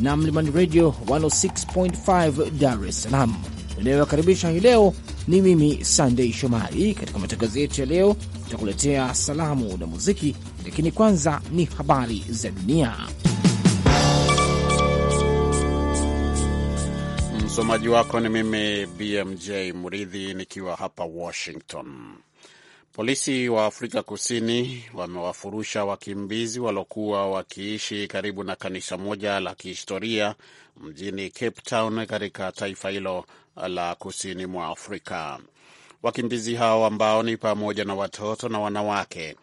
na Mlimani Radio 106.5 Dar es Salaam. Inayowakaribisha hii leo ni mimi Sandei Shomari. Katika matangazo yetu ya leo, tutakuletea salamu na muziki, lakini kwanza ni habari za dunia. Msomaji wako ni mimi BMJ Muridhi nikiwa hapa Washington. Polisi wa Afrika Kusini wamewafurusha wakimbizi waliokuwa wakiishi karibu na kanisa moja la kihistoria mjini Cape Town katika taifa hilo la kusini mwa Afrika. Wakimbizi hao ambao ni pamoja na watoto na wanawake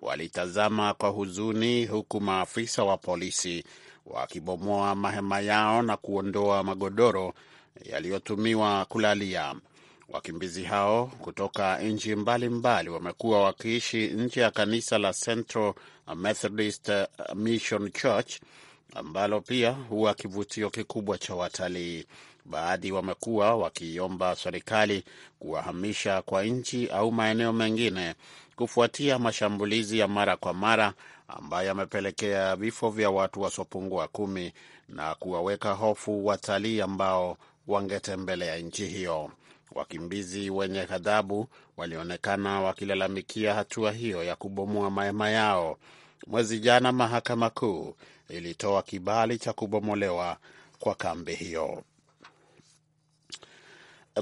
walitazama kwa huzuni, huku maafisa wa polisi wakibomoa mahema yao na kuondoa magodoro yaliyotumiwa kulalia. Wakimbizi hao kutoka nchi mbalimbali wamekuwa wakiishi nje ya kanisa la Central Methodist Mission Church ambalo pia huwa kivutio kikubwa cha watalii. Baadhi wamekuwa wakiomba serikali kuwahamisha kwa nchi au maeneo mengine kufuatia mashambulizi ya mara kwa mara ambayo yamepelekea vifo vya watu wasiopungua kumi na kuwaweka hofu watalii ambao wangetembelea nchi hiyo. Wakimbizi wenye ghadhabu walionekana wakilalamikia hatua hiyo ya kubomoa mahema yao. Mwezi jana, mahakama kuu ilitoa kibali cha kubomolewa kwa kambi hiyo.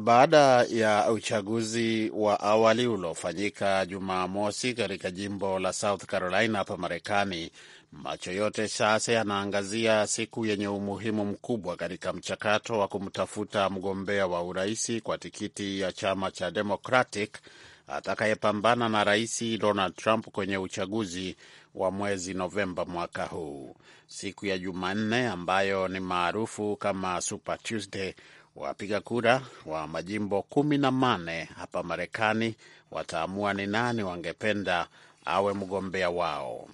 Baada ya uchaguzi wa awali uliofanyika Jumamosi katika jimbo la South Carolina hapa Marekani, Macho yote sasa yanaangazia siku yenye umuhimu mkubwa katika mchakato wa kumtafuta mgombea wa uraisi kwa tikiti ya chama cha Democratic atakayepambana na Rais Donald Trump kwenye uchaguzi wa mwezi Novemba mwaka huu. Siku ya Jumanne ambayo ni maarufu kama Super Tuesday, wapiga kura wa majimbo kumi na manne hapa Marekani wataamua ni nani wangependa awe mgombea wao.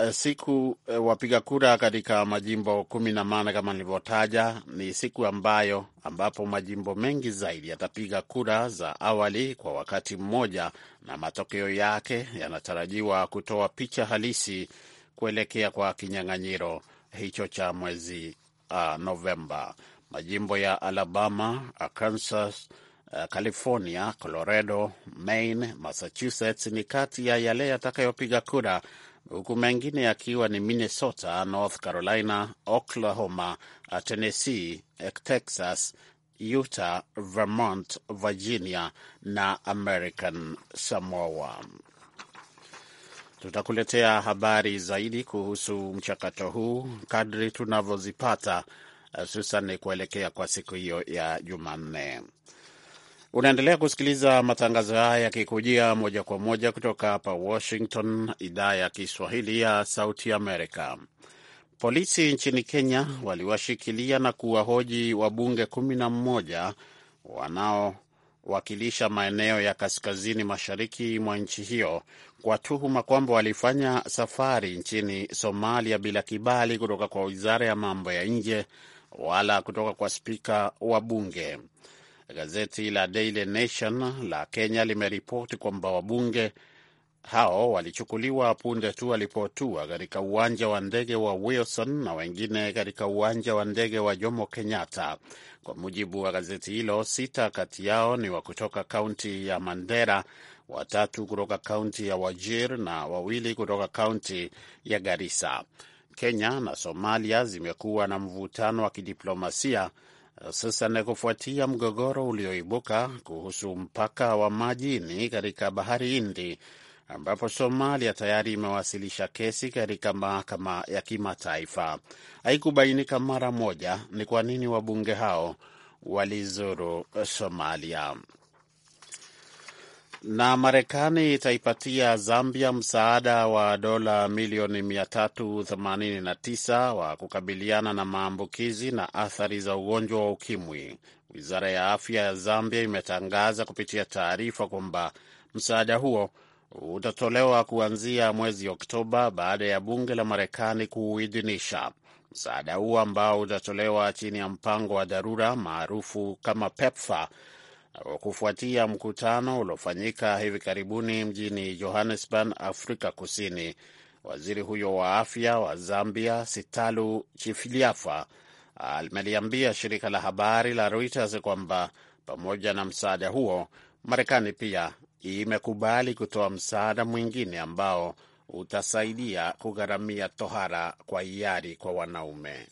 Eh, siku eh, wapiga kura katika majimbo kumi na mane kama nilivyotaja, ni siku ambayo ambapo majimbo mengi zaidi yatapiga kura za awali kwa wakati mmoja, na matokeo yake yanatarajiwa kutoa picha halisi kuelekea kwa kinyang'anyiro hicho cha mwezi uh, Novemba. Majimbo ya Alabama, Arkansas, Uh, California, Colorado, Maine, Massachusetts ni kati ya yale yatakayopiga kura, huku mengine yakiwa ni Minnesota, North Carolina, Oklahoma, uh, Tennessee, uh, Texas, Utah, Vermont, Virginia na American Samoa. Tutakuletea habari zaidi kuhusu mchakato huu kadri tunavyozipata, hususan kuelekea kwa siku hiyo ya Jumanne. Unaendelea kusikiliza matangazo haya yakikujia moja kwa moja kutoka hapa Washington, idhaa ya Kiswahili ya Sauti Amerika. Polisi nchini Kenya waliwashikilia na kuwahoji wabunge kumi na mmoja wanaowakilisha maeneo ya kaskazini mashariki mwa nchi hiyo kwa tuhuma kwamba walifanya safari nchini Somalia bila kibali kutoka kwa wizara ya mambo ya nje wala kutoka kwa spika wa bunge. Gazeti la Daily Nation la Kenya limeripoti kwamba wabunge hao walichukuliwa punde tu walipotua katika uwanja wa ndege wa Wilson na wengine katika uwanja wa ndege wa Jomo Kenyatta. Kwa mujibu wa gazeti hilo, sita kati yao ni wa kutoka kaunti ya Mandera, watatu kutoka kaunti ya Wajir na wawili kutoka kaunti ya Garissa. Kenya na Somalia zimekuwa na mvutano wa kidiplomasia sasa na kufuatia mgogoro ulioibuka kuhusu mpaka wa majini katika bahari Hindi, ambapo Somalia tayari imewasilisha kesi katika mahakama ya kimataifa. Haikubainika mara moja ni kwa nini wabunge hao walizuru Somalia. Na Marekani itaipatia Zambia msaada wa dola milioni 389 wa kukabiliana na maambukizi na athari za ugonjwa wa ukimwi. Wizara ya afya ya Zambia imetangaza kupitia taarifa kwamba msaada huo utatolewa kuanzia mwezi Oktoba baada ya bunge la Marekani kuuidhinisha. Msaada huo ambao utatolewa chini ya mpango wa dharura maarufu kama PEPFAR kufuatia mkutano uliofanyika hivi karibuni mjini Johannesburg, Afrika Kusini. Waziri huyo wa afya wa Zambia, Sitalu Chifiliafa, ameliambia shirika la habari la Reuters kwamba pamoja na msaada huo, Marekani pia imekubali kutoa msaada mwingine ambao utasaidia kugharamia tohara kwa hiari kwa wanaume.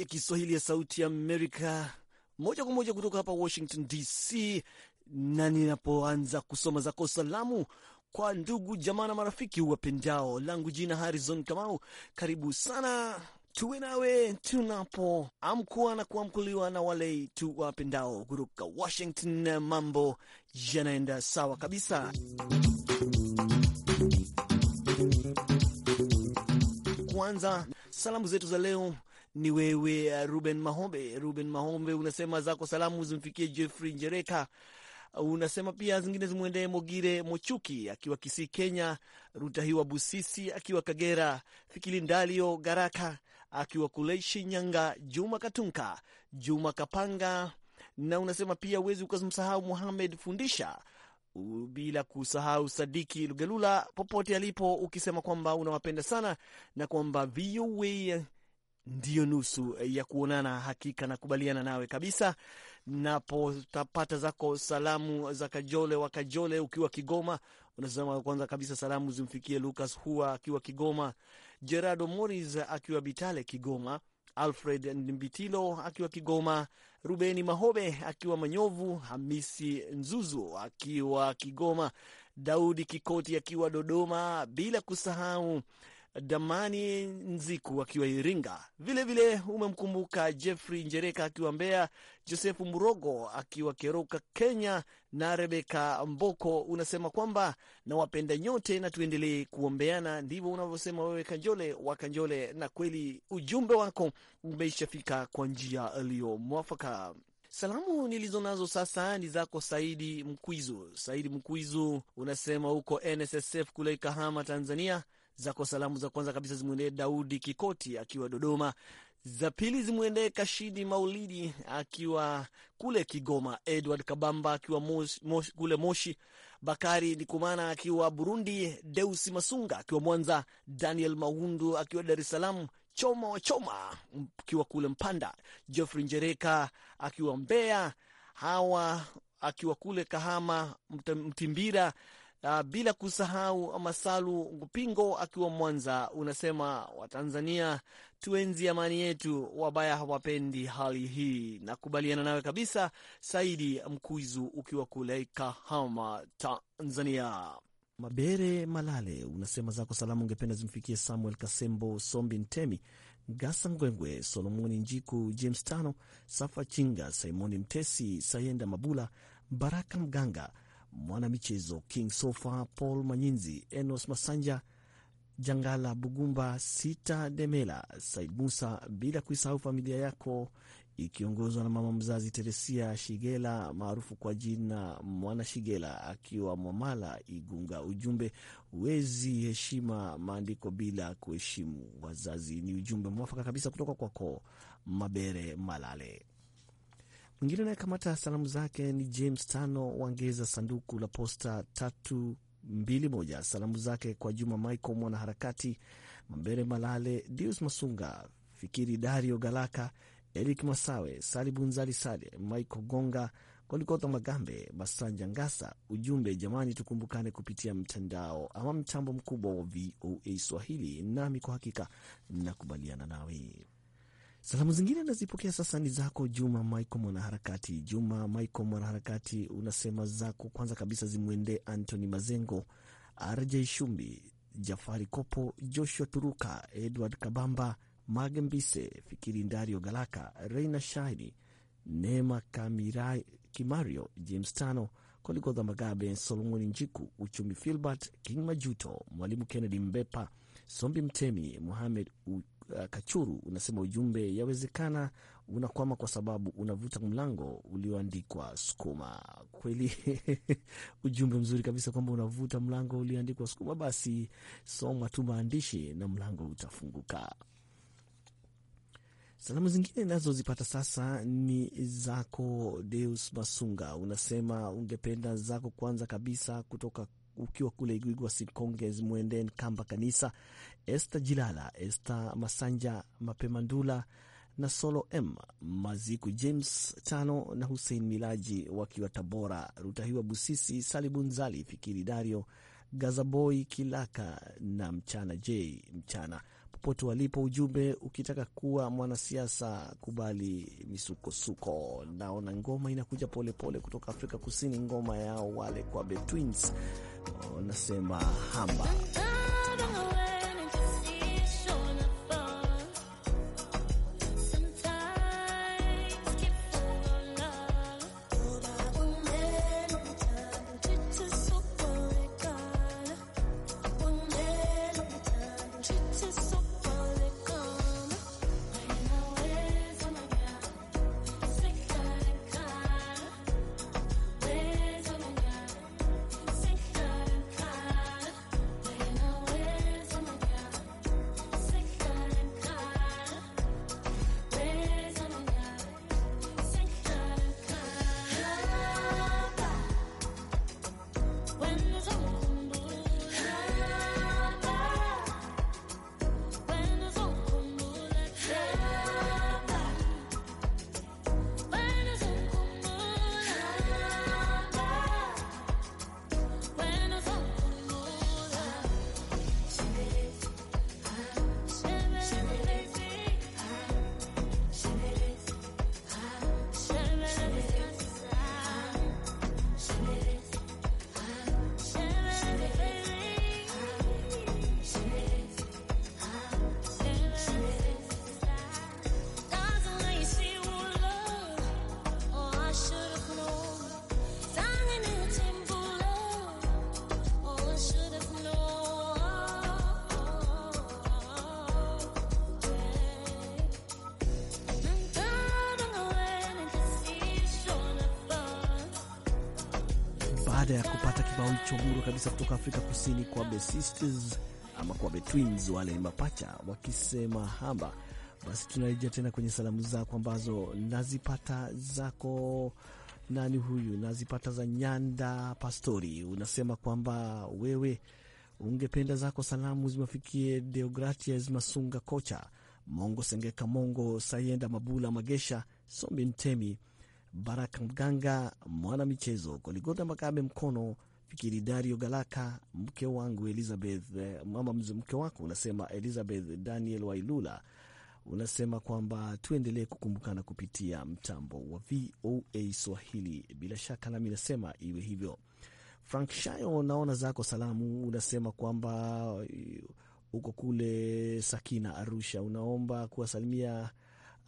ya Kiswahili ya Sauti ya Amerika moja kwa moja kutoka hapa Washington DC, na ninapoanza kusoma zako salamu kwa ndugu jamaa na marafiki wapendao, langu jina Harrison Kamau. Karibu sana tuwe nawe tunapoamkwa na kuamkuliwa na wale wapendao kutoka Washington. Mambo yanaenda sawa kabisa. Kwanza salamu zetu za leo ni wewe eh, Ruben Mahombe. Ruben Mahombe unasema zako salamu zimfikie Jeffrey Njereka, unasema pia zingine zimwendee Mogire Mochuki akiwa Kisii, Kenya, Rutahiwa Busisi akiwa Kagera, Fikili Ndalio Garaka akiwa kule Shinyanga, Juma Katunka, Juma Kapanga, na unasema pia uwezi ukazimsahau Muhamed Fundisha, bila kusahau Sadiki Lugelula popote alipo, ukisema kwamba unawapenda sana na kwamba VOA ndiyo nusu eh, ya kuonana. Hakika nakubaliana nawe kabisa. Napotapata zako salamu za Kajole wa Kajole ukiwa Kigoma, unasema kwanza kabisa salamu zimfikie Lucas Hua akiwa Kigoma, Gerardo Moris akiwa Bitale Kigoma, Alfred Mbitilo akiwa Kigoma, Rubeni Mahobe akiwa Manyovu, Hamisi Nzuzu akiwa Kigoma, Daudi Kikoti akiwa Dodoma, bila kusahau Damani Nziku akiwa Iringa, vilevile umemkumbuka Jeffrey Njereka akiwa Mbeya, Josefu Murogo akiwa Keroka, Kenya na Rebeka Mboko. Unasema kwamba nawapenda nyote na tuendelee kuombeana, ndivyo unavyosema wewe Kanjole wa Kanjole, na kweli ujumbe wako umeishafika kwa njia aliyo mwafaka. Salamu nilizo nazo sasa ni zako Saidi Mkwizu. Saidi Mkwizu unasema huko NSSF kule Kahama, Tanzania zako salamu za kwanza kabisa zimwendee Daudi Kikoti akiwa Dodoma, za pili zimwendee Kashidi Maulidi akiwa kule Kigoma, Edward Kabamba akiwa mos, mos, kule Moshi, Bakari Nikumana akiwa Burundi, Deusi Masunga akiwa Mwanza, Daniel Maundu akiwa Dar es Salaam, Choma Choma akiwa kule Mpanda, Geoffrey Njereka akiwa Mbeya, Hawa akiwa kule Kahama, Mtimbira uh, bila kusahau Masalu Ngupingo akiwa Mwanza, unasema Watanzania tuenzi amani yetu, wabaya hawapendi hali hii. Nakubaliana nawe kabisa. Saidi Mkuizu ukiwa kule Kahama, Tanzania. Mabere Malale unasema zako salamu ungependa zimfikie Samuel Kasembo, Sombi Ntemi, Gasa Ngwengwe, Solomoni Njiku, James Tano, Safa Chinga, Simoni Mtesi, Sayenda Mabula, Baraka Mganga mwanamichezo King Sofa, Paul Manyinzi, Enos Masanja, Jangala Bugumba, Sita Demela, Said Musa, bila kuisahau familia yako ikiongozwa na mama mzazi Teresia Shigela maarufu kwa jina Mwana Shigela akiwa Mwamala Igunga. Ujumbe, wezi heshima maandiko bila kuheshimu wazazi. Ni ujumbe mwafaka kabisa kutoka kwako Mabere Malale. Mwingine anayekamata salamu zake ni James Tano Wangeza, sanduku la posta tatu mbili moja. Salamu zake kwa Juma Michael, mwanaharakati Mambere Malale, Dius Masunga, Fikiri Dario Galaka, Eric Masawe, sali bunzali Sale, Michael Gonga, Kolikota Magambe, Masanja Ngasa. Ujumbe jamani, tukumbukane kupitia mtandao ama mtambo mkubwa wa VOA Swahili. Nami kwa hakika nakubaliana nawe. Salamu zingine nazipokea sasa, ni zako Juma Michael mwanaharakati. Juma Michael mwanaharakati, unasema zako kwanza kabisa zimwendee Anthony Mazengo, RJ Shumbi, Jafari Kopo, Joshua Turuka, Edward Kabamba, Mage Mbise, Fikiri Ndario Galaka, Reina Shaini, Neema Kamirai, Kimario, James Tano, Koligodha Magabe, Solomoni Njiku, Uchumi Filbert, King Majuto, Mwalimu Kennedy Mbepa, Sombi Mtemi, Muhamed uh, Kachuru unasema ujumbe yawezekana unakwama kwa sababu unavuta mlango ulioandikwa sukuma. Kweli ujumbe mzuri kabisa kwamba unavuta mlango ulioandikwa sukuma. Basi soma tu maandishi na mlango utafunguka. Salamu zingine nazozipata sasa ni zako Deus Masunga, unasema ungependa zako kwanza kabisa kutoka ukiwa kule Igwigwa Sikonges, Mwenden Kamba Kanisa, Esta Jilala, este Masanja Mapema Ndula na Solo M Maziku, James Tano na Hussein Milaji wakiwa Tabora, Rutahiwa Busisi, Salibunzali, Fikiri Dario, Gazaboy Kilaka na Mchana J Mchana popote walipo. Ujumbe ukitaka kuwa mwanasiasa, kubali misukosuko. Naona ngoma inakuja polepole pole kutoka Afrika Kusini, ngoma yao wale kwa Betwins, nasema hamba baada ya kupata kibao hicho buru kabisa kutoka Afrika Kusini kwa Be Sisters ama kwa Be Twins, wale mapacha wakisema hamba. Basi tunarejea tena kwenye salamu zako ambazo nazipata zako nani huyu, nazipata za Nyanda Pastori. Unasema kwamba wewe ungependa zako salamu zimafikie Deogratias Masunga, kocha Mongo Sengeka, Mongo Sayenda, Mabula Magesha, Sombi Ntemi Baraka Mganga, mwana michezo Goligota makabe Mkono, Fikiri Dario Galaka, mke wangu Elizabeth, eh, mama mke wako unasema Elizabeth Daniel Wailula, unasema kwamba tuendelee kukumbukana kupitia mtambo wa VOA Swahili. Bila shaka nami nasema iwe hivyo. Frank Shayo, naona zako salamu, unasema kwamba eh, uko kule Sakina, Arusha, unaomba kuwasalimia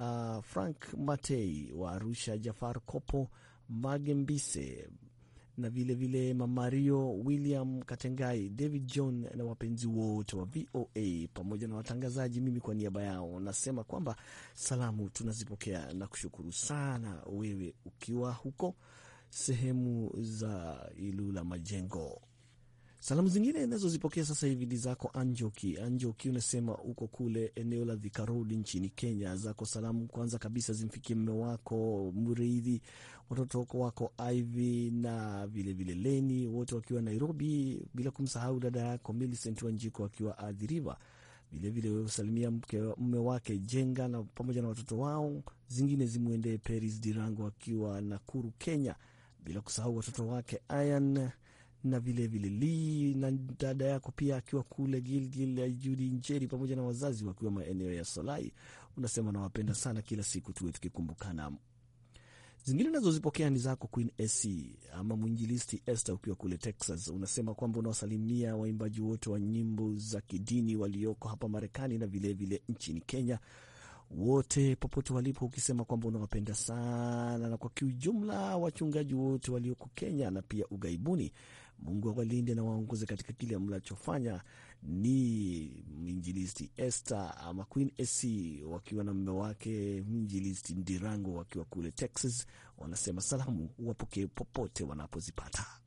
uh, Frank Matei wa Arusha, Jafar Kopo Magembise na vilevile vile Mamario William Katengai, David John na wapenzi wote wa VOA pamoja na watangazaji. Mimi kwa niaba yao nasema kwamba salamu tunazipokea na kushukuru sana wewe ukiwa huko sehemu za Ilula Majengo. Salamu zingine nazozipokea sasa hivi ni zako Anjoki. Anjoki unasema uko kule eneo la Thika Road nchini Kenya. Zako salamu kwanza kabisa zimfikie mme wako Mridhi, watoto wako Ivy na vilevile vile Leni, wote wakiwa Nairobi, bila kumsahau dada yako Milicent Wanjiko akiwa Adhiriva. Vilevile wewe usalimia mme wake Jenga na pamoja na watoto wao. Zingine zimwendee Peris Dirango akiwa Nakuru, Kenya, bila kusahau watoto wake Ian na vilevile li na dada yako pia akiwa kule Gilgil, ya Judi Njeri pamoja na wazazi wakiwa maeneo ya Solai. Unasema nawapenda sana, kila siku tuwe tukikumbukana. Zingine nazozipokea ni zako Queen AC ama mwinjilisti Esther ukiwa kule Texas. Unasema kwamba unawasalimia waimbaji wote wa nyimbo za kidini walioko hapa Marekani na vilevile vile nchini Kenya wote popote walipo, ukisema kwamba unawapenda sana na kwa kiujumla wachungaji wote walioko Kenya na pia ughaibuni Mungu awalinde na waongoze katika kile mnachofanya. Ni mwinjilisti Esther ama Queen AC wakiwa na mume wake mwinjilisti Ndirango wakiwa kule Texas, wanasema salamu wapokee popote wanapozipata.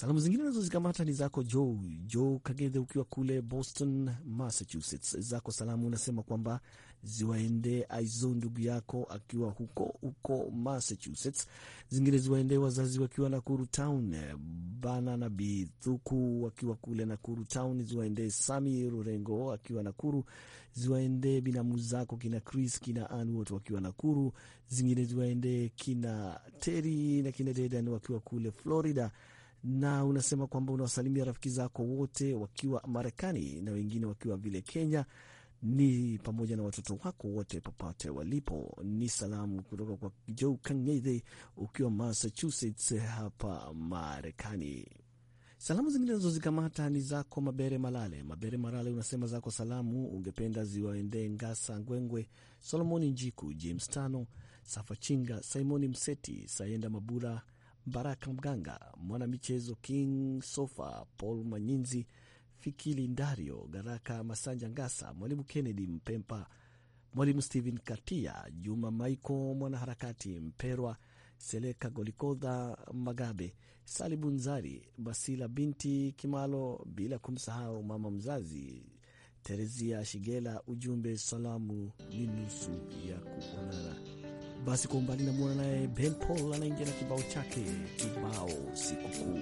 Salamu zingine nazozikamata ni zako Jo Jo Kagedhe, ukiwa kule Boston, Massachusetts. Zako salamu unasema kwamba ziwaende Aizo ndugu yako akiwa huko huko Massachusetts, zingine ziwaende wazazi wakiwa Nakuru Town, Bana na Bithuku wakiwa kule Nakuru Town, ziwaende Sami Rurengo akiwa Nakuru, ziwaende binamu zako kina Chris kina Ann wote wakiwa Nakuru, zingine ziwaende kina Teri na kina Dedan wakiwa kule Florida na unasema kwamba unawasalimia rafiki zako wote wakiwa Marekani na wengine wakiwa vile Kenya, ni pamoja na watoto wako wote popote walipo. Ni salamu kutoka kwa Joe Kang'ethe ukiwa Massachusetts hapa Marekani. Salamu zingine nazozikamata ni zako Mabere Malale. Mabere Malale unasema zako salamu ungependa ziwaendee Ngasa Ngwengwe, Solomoni Njiku, James Tano, Safachinga, Simoni Mseti, Sayenda Mabura Baraka Mganga, mwanamichezo King Sofa, Paul Manyinzi, Fikili Ndario, Garaka Masanja Ngasa, Mwalimu Kennedy Mpempa, Mwalimu Stephen Katia, Juma Maiko, mwanaharakati Mperwa, Seleka Golikodha Magabe, Salibu Nzari, Basila binti Kimalo, bila kumsahau mama mzazi Terezia Shigela. Ujumbe, salamu ni nusu ya kuonana. Basi kwa umbali namwona naye Ben Paul anaingia na kibao chake kibao sikukuu.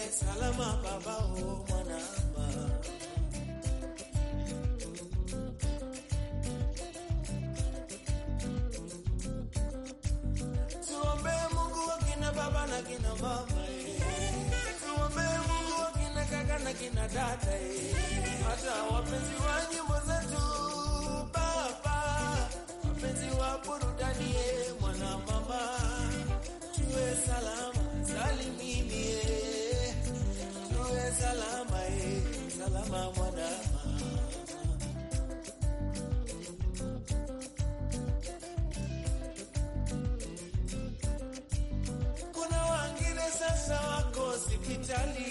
nipeleke salama babao oh, mwanama tuombe Mungu wakina baba na kina mama eh. tuombe Mungu wakina kaka na kina dada eh. hata wapenzi wa nyimbo zetu baba wapenzi wa burudani eh, mwanamama tuwe salama salimini salama eh, salama mwana kuna wangine sasa wako hospitali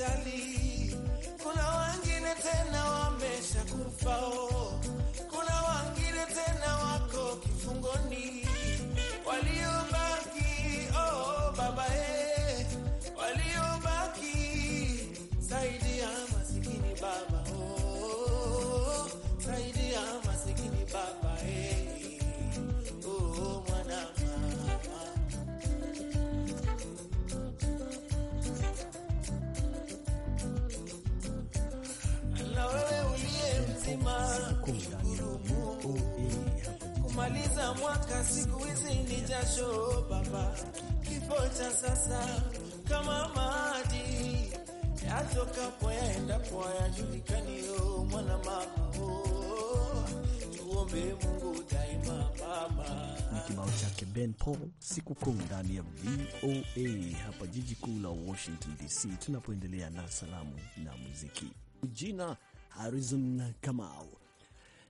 hospitali. Kuna wengine tena wamesha kufao, oh. kuna wengine tena wako kifungoni walio Kumaliza mwaka siku hizi ni jasho baba, kifo cha sasa kama maji yatoka kwenda kwa yajulikaniyo mwana mama, tuombe Mungu daima baba. kibao chake Ben Paul siku kuu ndani ya VOA hapa jiji kuu la Washington DC, tunapoendelea na salamu na muziki. Jina Harrison Kamau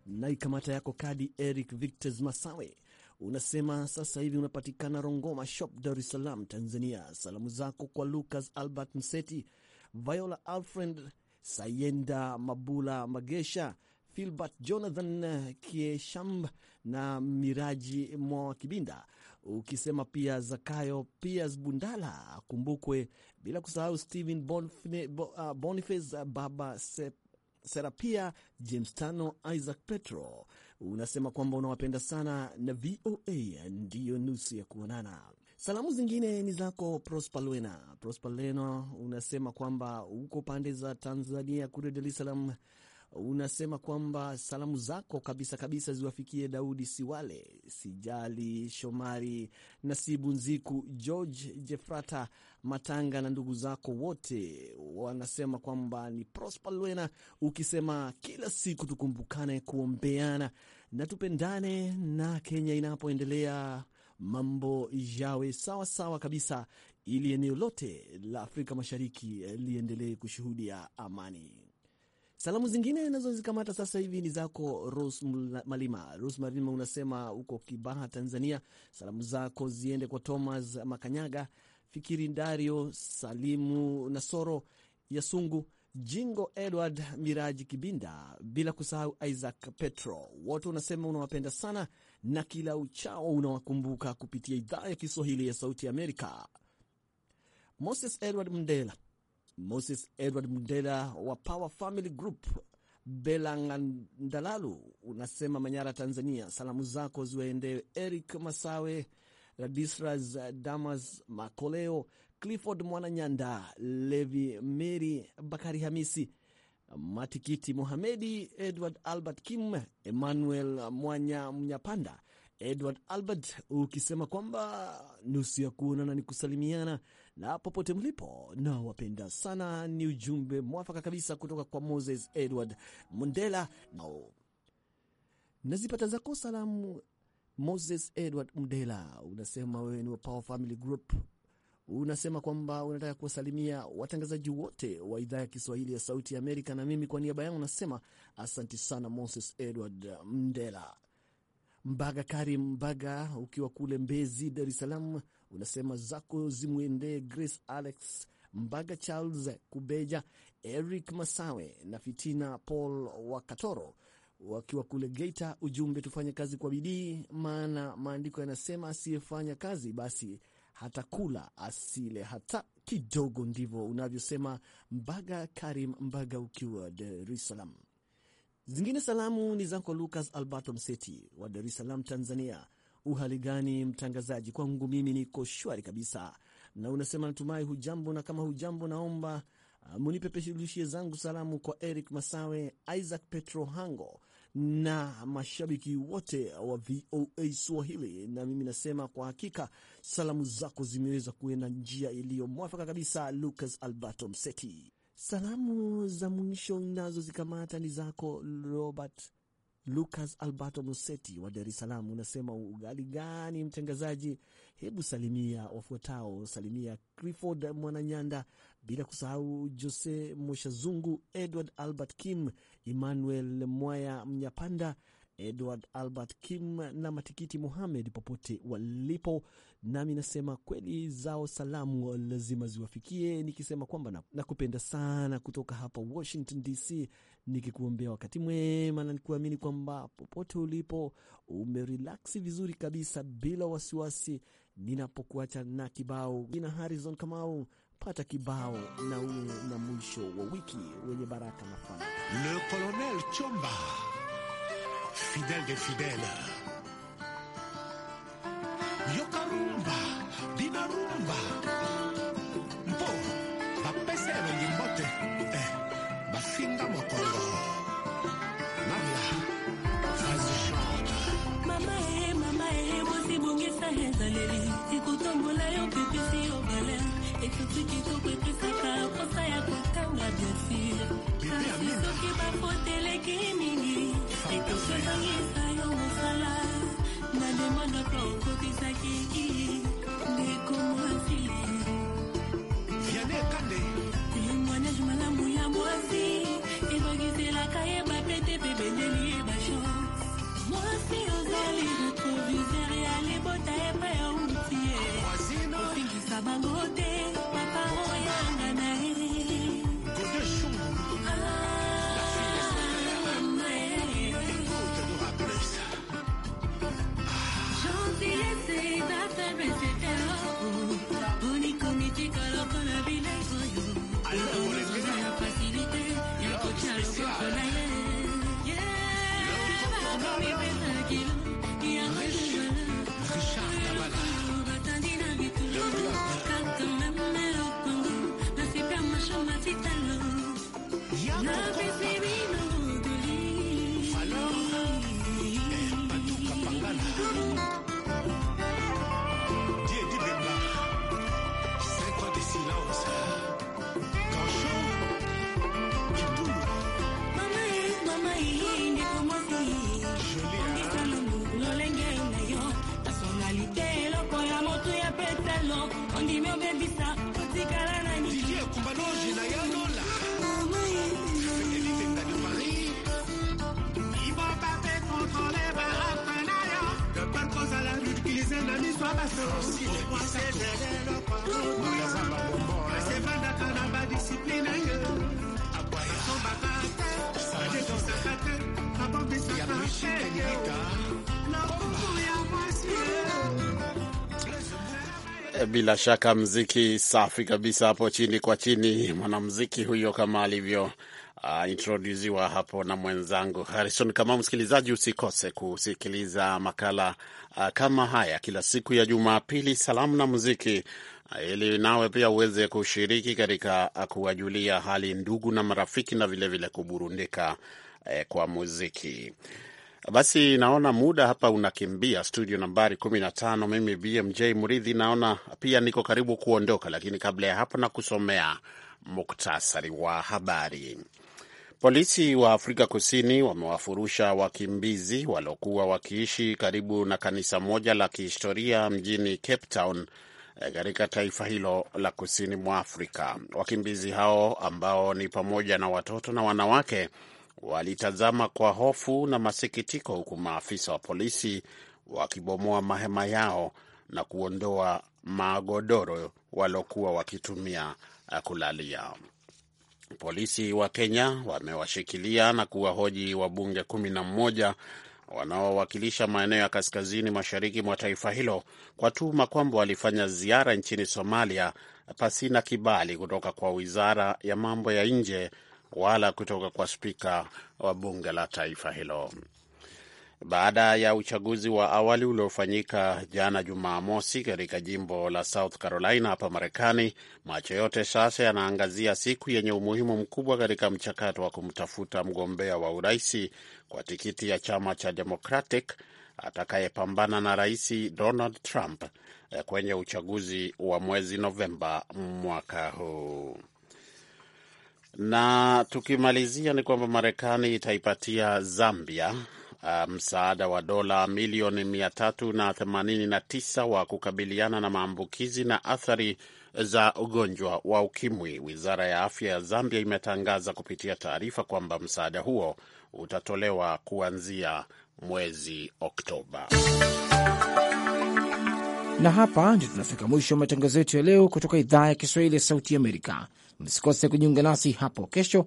Nai kamata yako kadi Eric Victos Masawe unasema sasa hivi unapatikana Rongoma Shop, Dar es Salaam, Tanzania. Salamu zako kwa Lucas Albert Mseti, Viola Alfred Sayenda, Mabula Magesha, Filbert Jonathan Kieshamb na Miraji Mwa Kibinda, ukisema pia Zakayo Pias Bundala akumbukwe, bila kusahau Stephen uh, Boniface, uh, Baba Sep Serapia James Tano, Isaac Petro, unasema kwamba unawapenda sana na VOA ndiyo nusu ya kuonana. Salamu zingine ni zako Prospalwena. Prospalwena unasema kwamba uko pande za Tanzania kule Dar es Salaam unasema kwamba salamu zako kabisa kabisa ziwafikie Daudi Siwale, Sijali Shomari, Nasibu Nziku, George Jefrata Matanga na ndugu zako wote wanasema kwamba ni Prosper Lwena, ukisema kila siku tukumbukane kuombeana na tupendane, na Kenya inapoendelea mambo yawe sawa sawa kabisa, ili eneo lote la Afrika Mashariki liendelee kushuhudia amani. Salamu zingine nazozikamata sasa hivi ni zako Ros Malima. Ros Malima, unasema uko Kibaha, Tanzania. Salamu zako ziende kwa Thomas Makanyaga, Fikiri Ndario, Salimu Nasoro, Yasungu Jingo, Edward Miraji Kibinda, bila kusahau Isaac Petro. Wote unasema unawapenda sana na kila uchao unawakumbuka kupitia idhaa ya Kiswahili ya Sauti Amerika. Moses Edward Mdela, Moses Edward Mndela wa Power Family Group Belangandalalu, unasema Manyara, Tanzania. Salamu zako ziwaendee Eric Masawe, Radisras Damas Makoleo, Clifford Mwananyanda, Levi Meri, Bakari Hamisi Matikiti, Mohamedi Edward Albert Kim, Emmanuel Mwanya Mnyapanda, Edward Albert, ukisema kwamba nusu ya kuonana ni kusalimiana, na popote mlipo nawapenda sana, ni ujumbe mwafaka kabisa kutoka kwa Moses Edward Mundela. Nazipata zako salamu Moses Edward Mdela, unasema wewe ni wa Power Family Group. Unasema kwamba unataka kuwasalimia watangazaji wote wa idhaa ya Kiswahili ya Sauti ya Amerika, na mimi kwa niaba yangu nasema asanti sana Moses Edward Mdela. Mbaga Karim Mbaga, ukiwa kule Mbezi, Dar es Salaam, unasema zako zimwendee Grace Alex Mbaga, Charles Kubeja, Eric Masawe na Fitina Paul Wakatoro wakiwa kule Geita. Ujumbe, tufanye kazi kwa bidii, maana maandiko yanasema asiyefanya kazi basi hata kula asile hata kidogo. Ndivyo unavyosema Mbaga Karim Mbaga ukiwa Dar es Salaam. Zingine salamu ni zako Lucas Alberto Mseti wa Dar es Salaam, Tanzania. Uhali gani mtangazaji? Kwangu mimi niko shwari kabisa, na unasema natumai hujambo, na kama hujambo, naomba uh, munipepeshurushie zangu salamu kwa Eric Masawe, Isaac Petro Hango, na mashabiki wote wa VOA Swahili. Na mimi nasema kwa hakika salamu zako zimeweza kuenda njia iliyomwafaka kabisa, Lucas Alberto Mseti. Salamu za mwisho nazo zikamata ni zako Robert Lucas Alberto Museti wa Dar es Salaam, unasema ugali gani mtangazaji? Hebu salimia wafuatao: salimia Clifford Mwananyanda, bila kusahau Jose moshazungu Edward Albert Kim, Emmanuel Mwaya Mnyapanda, Edward Albert Kim na Matikiti muhamed popote walipo, nami nasema kweli zao salamu lazima ziwafikie, nikisema kwamba nakupenda sana kutoka hapa Washington DC, nikikuombea wakati mwema na nikuamini kwamba popote ulipo umerilaksi vizuri kabisa bila wasiwasi, ninapokuacha na kibao jina Harrison Kamau pata kibao na uwe na mwisho wa wiki wenye baraka na fana. Le Colonel Chomba, fidel de yoka soki bafoteleki mingi ekosozangisa yo mosala na demanda po okotisaki Eh, bila shaka mziki safi kabisa hapo chini kwa chini, mwanamziki huyo kama alivyo introduziwa hapo na mwenzangu Harrison. Kama msikilizaji, usikose kusikiliza makala uh, kama haya kila siku ya Jumapili, salamu na muziki, uh, ili nawe pia uweze kushiriki katika uh, kuwajulia hali ndugu na marafiki na vilevile vile kuburundika eh, kwa muziki. Basi naona muda hapa unakimbia. Studio nambari 15, mimi BMJ Mridhi naona pia niko karibu kuondoka, lakini kabla ya hapo na kusomea muktasari wa habari. Polisi wa Afrika Kusini wamewafurusha wakimbizi waliokuwa wakiishi karibu na kanisa moja la kihistoria mjini Cape Town eh, katika taifa hilo la kusini mwa Afrika. Wakimbizi hao ambao ni pamoja na watoto na wanawake walitazama kwa hofu na masikitiko, huku maafisa wa polisi wakibomoa mahema yao na kuondoa magodoro waliokuwa wakitumia eh, kulalia. Polisi wa Kenya wamewashikilia na kuwahoji wabunge kumi na mmoja wanaowakilisha maeneo ya kaskazini mashariki mwa taifa hilo kwa tuhuma kwamba walifanya ziara nchini Somalia pasina kibali kutoka kwa wizara ya mambo ya nje wala kutoka kwa spika wa bunge la taifa hilo baada ya uchaguzi wa awali uliofanyika jana Jumamosi katika jimbo la South Carolina hapa Marekani. Macho yote sasa yanaangazia siku yenye umuhimu mkubwa katika mchakato wa kumtafuta mgombea wa uraisi kwa tikiti ya chama cha Democratic atakayepambana na Rais Donald Trump eh, kwenye uchaguzi wa mwezi Novemba mwaka huu. Na tukimalizia ni kwamba Marekani itaipatia Zambia Uh, msaada wa dola milioni 389 wa kukabiliana na maambukizi na athari za ugonjwa wa ukimwi. Wizara ya afya ya Zambia imetangaza kupitia taarifa kwamba msaada huo utatolewa kuanzia mwezi Oktoba. Na hapa ndio tunafika mwisho wa matangazo yetu ya leo kutoka idhaa ya Kiswahili ya Sauti Amerika. Msikose kujiunga nasi hapo kesho